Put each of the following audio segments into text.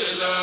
la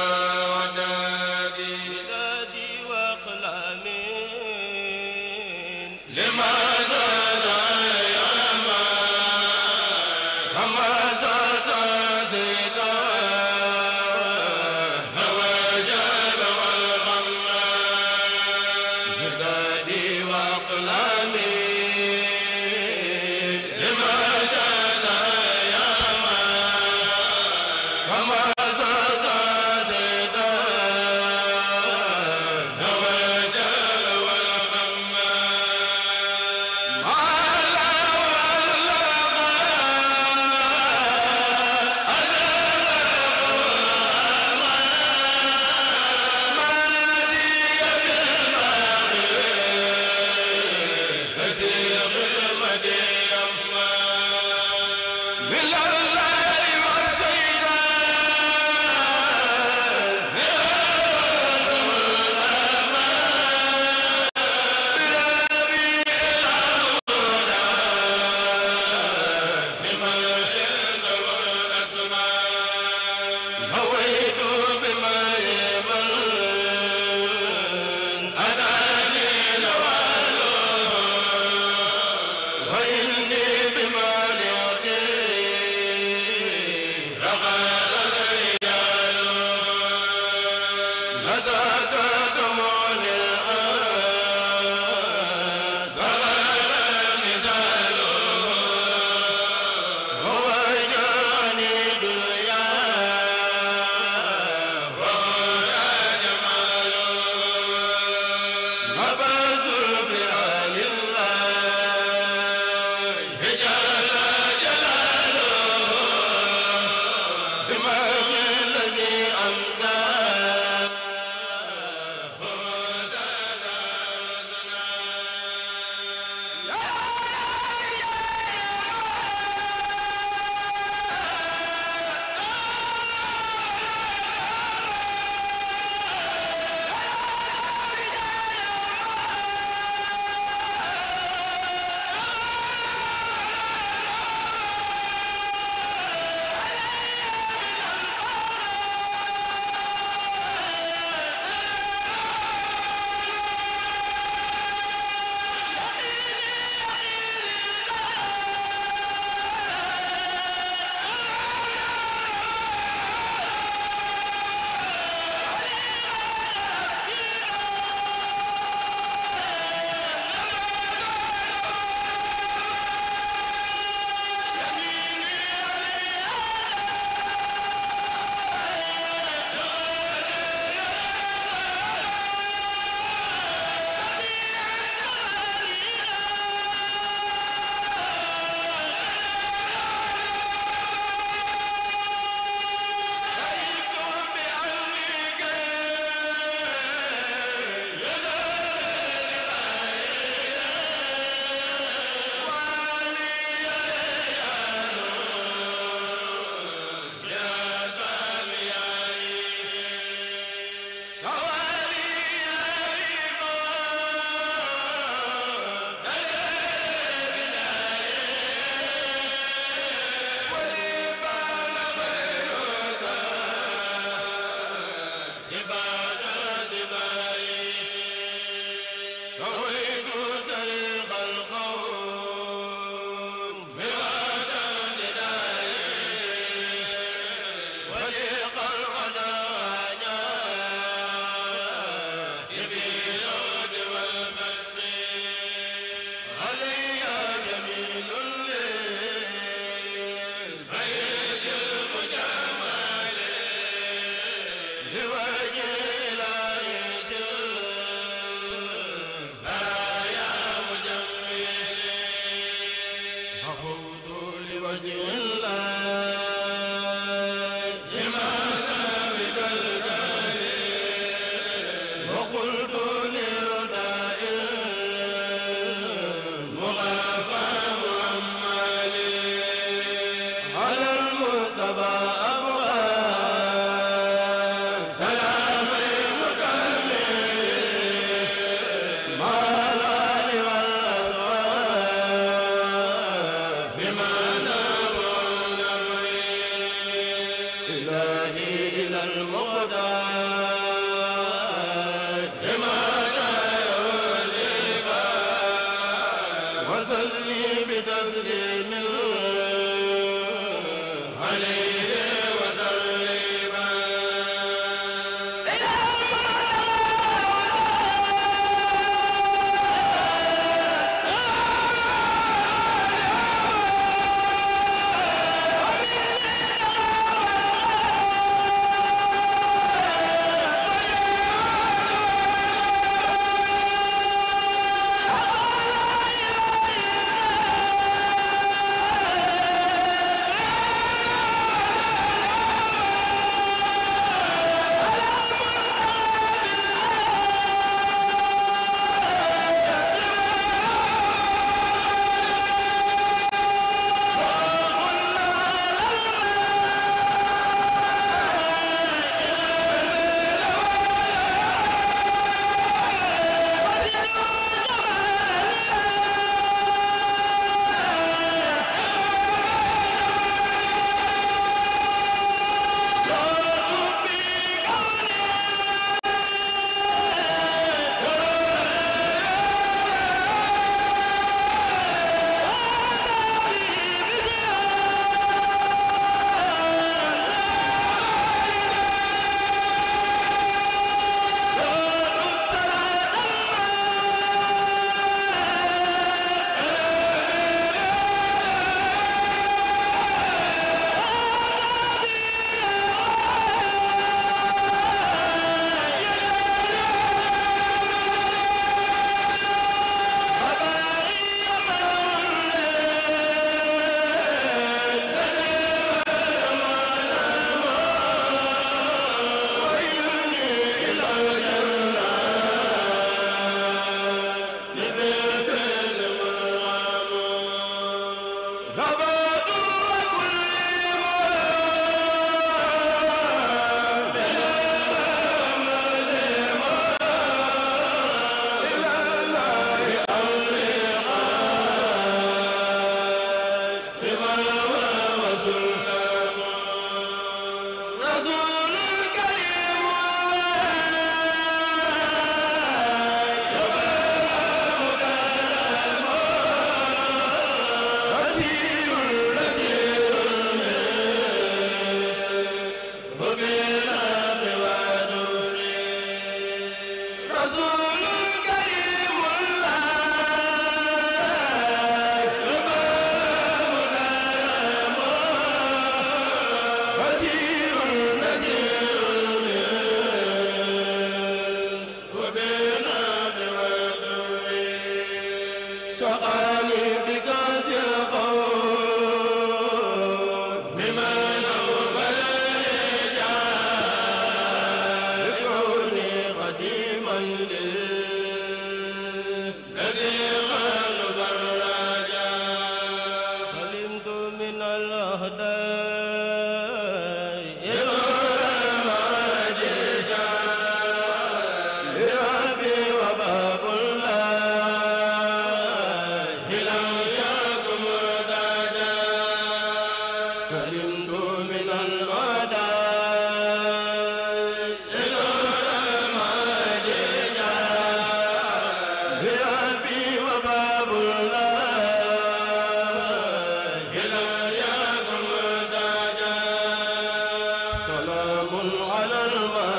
Allah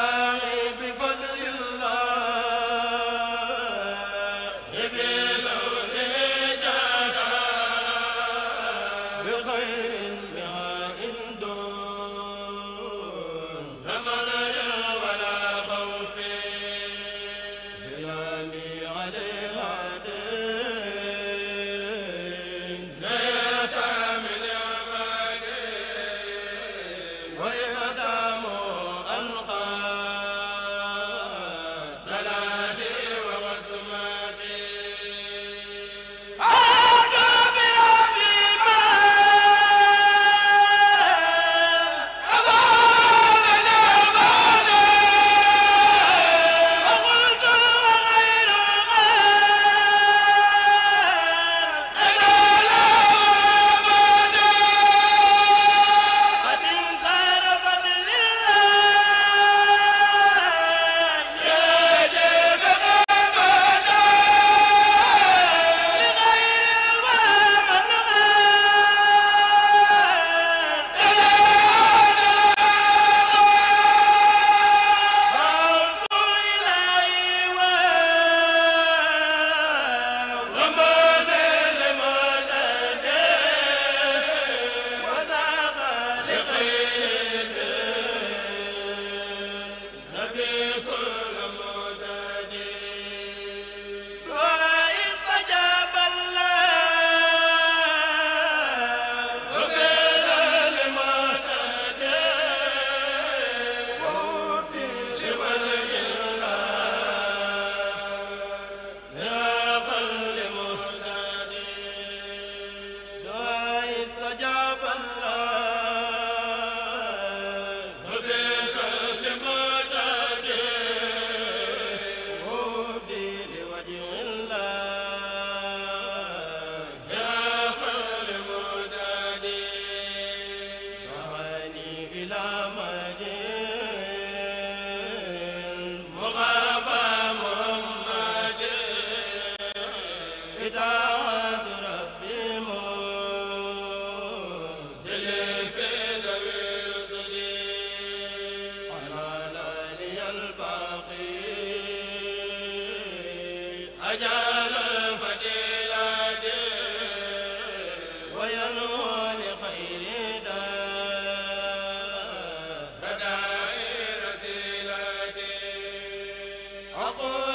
la waaw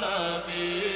na fi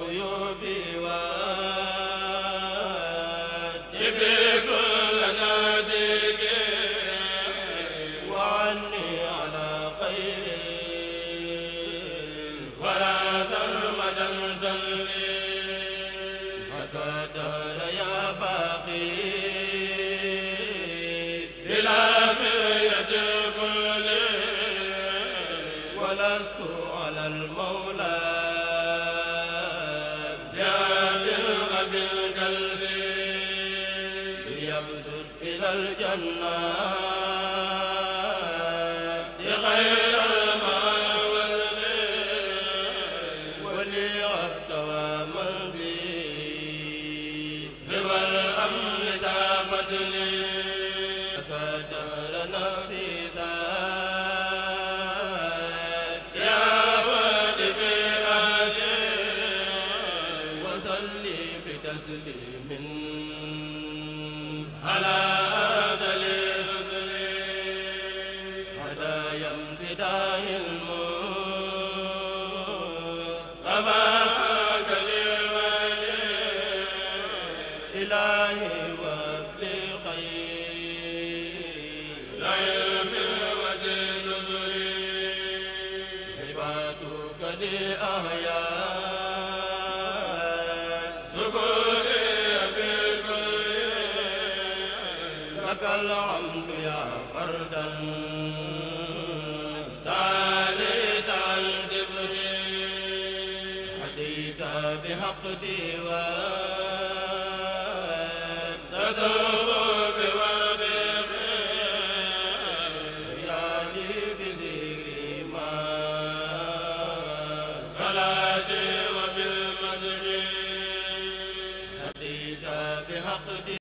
الغيوب و